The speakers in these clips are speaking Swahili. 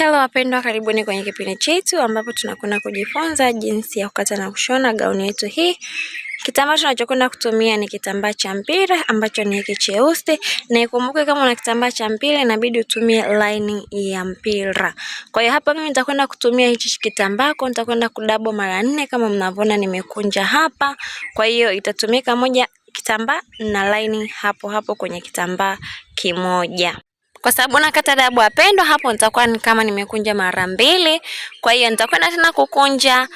Hello wapendwa, karibuni kwenye kipindi chetu ambapo tunakwenda kujifunza jinsi ya kukata na kushona gauni yetu hii. Kitambaa tunachokwenda kutumia ni kitambaa cha mpira ambacho ni hiki cheusi, na ikumbuke kama una kitambaa cha mpira inabidi utumie lining ya mpira. Kwa hiyo hapa mimi nitakwenda kutumia hichi kitambaa, kwa nitakwenda kudabo mara nne kama mnavyoona nimekunja hapa. Kwa hiyo itatumika moja kitambaa na lining hapo hapo kwenye kitambaa kimoja kwa sababu nakata dabu apendo hapo nitakuwa kama nimekunja mara mbili. Kwa hiyo nitakwenda tena kukunja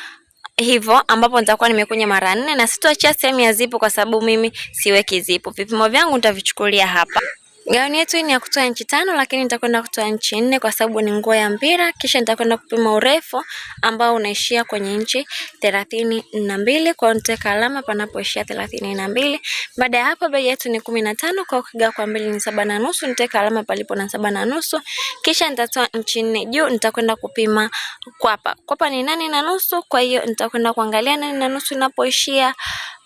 hivyo ambapo nitakuwa nimekunja mara nne, na sitoachia sehemu ya zipu kwa sababu mimi siweki zipu. Vipimo vyangu nitavichukulia hapa. Gauni yetu ni ya kutoa inchi tano lakini nitakwenda kutoa inchi nne kwa sababu ni nguo ya mpira. Kisha nitakwenda kupima urefu ambao unaishia kwenye inchi thelathini na mbili kwa nitaweka alama panapoishia thelathini na mbili. Baada ya hapo bei yetu ni kumi na tano kwa ukigawa kwa mbili ni saba na nusu. Nitaweka alama palipo na saba na nusu. Kisha nitatoa inchi nne juu, nitakwenda kupima kwapa. Kwapa ni nane na nusu, kwa hiyo nitakwenda kuangalia nane na nusu inapoishia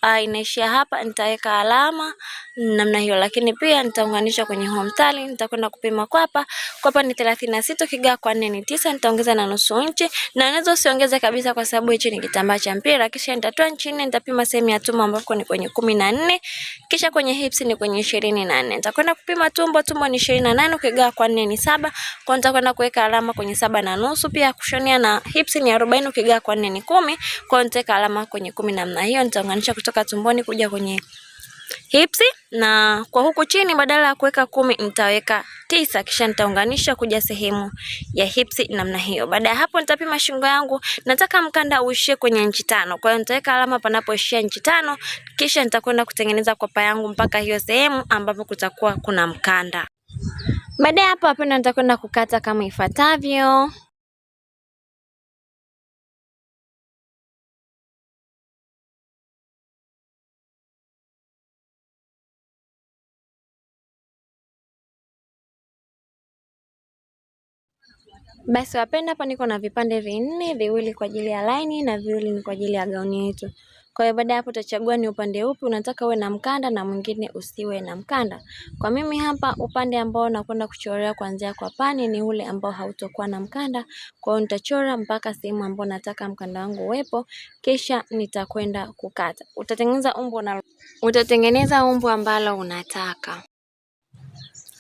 uh, inaishia hapa, nitaweka alama namna hiyo, lakini pia nitaunganisha kwenye home tally. Nitakwenda kupima kwapa, kwapa ni 36 na kwa nne ni tisa, nitaongeza na nusu inchi na naweza usiongeze kabisa, kwa sababu hichi ni kitambaa cha mpira. Kisha nitatoa inchi nne, nitapima sehemu ya tumbo ambako ni kwenye 14, kisha kwenye hips ni kwenye ishirini Nitakwenda kupima tumbo, tumbo ni 28 na nane, ukigaa kwa nne ni saba, kwa nitakwenda kuweka alama kwenye 7 na nusu. Pia kushonia na hips ni 40 ukigaa kwa nne ni kumi, kwa nitaweka alama kwenye 10 namna hiyo, nitaunganisha kutoka tumboni kuja kwenye hipsi, na kwa huku chini badala ya kuweka kumi nitaweka tisa, kisha nitaunganisha kuja sehemu ya hipsi namna hiyo. Baada ya hapo, nitapima shingo yangu. Nataka mkanda uishie kwenye nchi tano, kwa hiyo nitaweka alama panapoishia nchi tano, kisha nitakwenda kutengeneza kwapa yangu mpaka hiyo sehemu ambapo kutakuwa kuna mkanda. Baada ya hapo, wapenda, nitakwenda kukata kama ifuatavyo. Basi wapenda, hapa niko na vipande vinne, viwili kwa ajili ya laini na viwili ni kwa ajili ya gauni yetu. Kwa hiyo baada ya hapo utachagua ni upande upi unataka uwe na mkanda na mwingine usiwe na mkanda. Kwa mimi hapa upande ambao nakwenda kuchorea kuanzia kwa pani ni ule ambao hautokuwa na mkanda. Kwa hiyo nitachora mpaka sehemu ambayo nataka mkanda wangu uwepo, kisha nitakwenda kukata. Utatengeneza umbo na utatengeneza umbo ambalo unataka.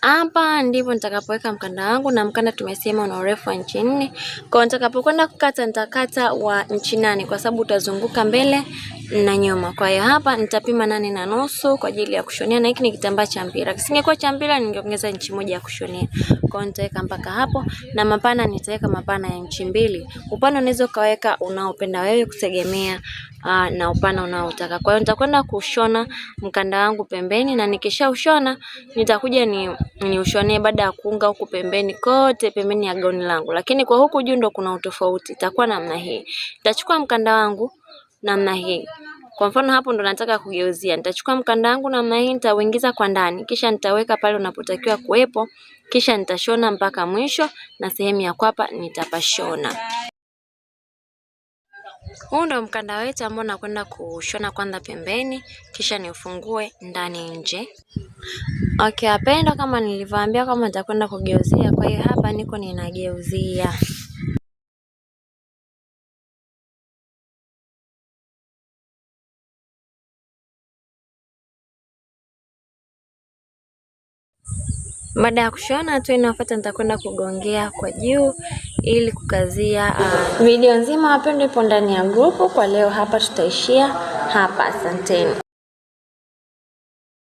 Hapa ndipo nitakapoweka mkanda wangu, na mkanda tumesema una urefu wa nchi nne. Kwa nitakapokwenda kukata nitakata wa nchi nane, kwa sababu utazunguka mbele na nyuma. Kwa hiyo hapa nitapima nane na nusu kwa ajili ya kushonea, na hiki ni kitambaa cha mpira. Kisingekuwa cha mpira ningeongeza inchi moja ya kushonea. Kwa hiyo nitaweka mpaka hapo, na mapana nitaweka mapana ya inchi mbili. Upana unaweza ukaweka unaopenda wewe kutegemea aa, ah, na upana unaotaka. Kwa hiyo nitakwenda kushona mkanda wangu pembeni, na nikisha ushona nitakuja ni ni niushonee baada ya kuunga huku pembeni kote pembeni ya gauni langu, lakini kwa huku juu ndo kuna utofauti, itakuwa namna hii. Nitachukua mkanda wangu namna hii. Kwa mfano hapo ndo nataka kugeuzia. Nitachukua mkanda wangu namna hii, nitauingiza kwa ndani, kisha nitaweka pale unapotakiwa kuwepo, kisha nitashona mpaka mwisho, na sehemu ya kwapa nitapashona. Huu ndo mkanda wetu ambao nakwenda kushona kwanza pembeni, kisha niufungue ndani nje. Okay, wapendwa, kama nilivyoambia kama nitakwenda kugeuzia, kwa hiyo hapa niko ninageuzia. Baada ya kushona, hatua inayofuata nitakwenda kugongea kwa juu ili kukazia uh, video nzima. Wapendwa, ipo ndani ya grupu. Kwa leo hapa tutaishia hapa, asanteni.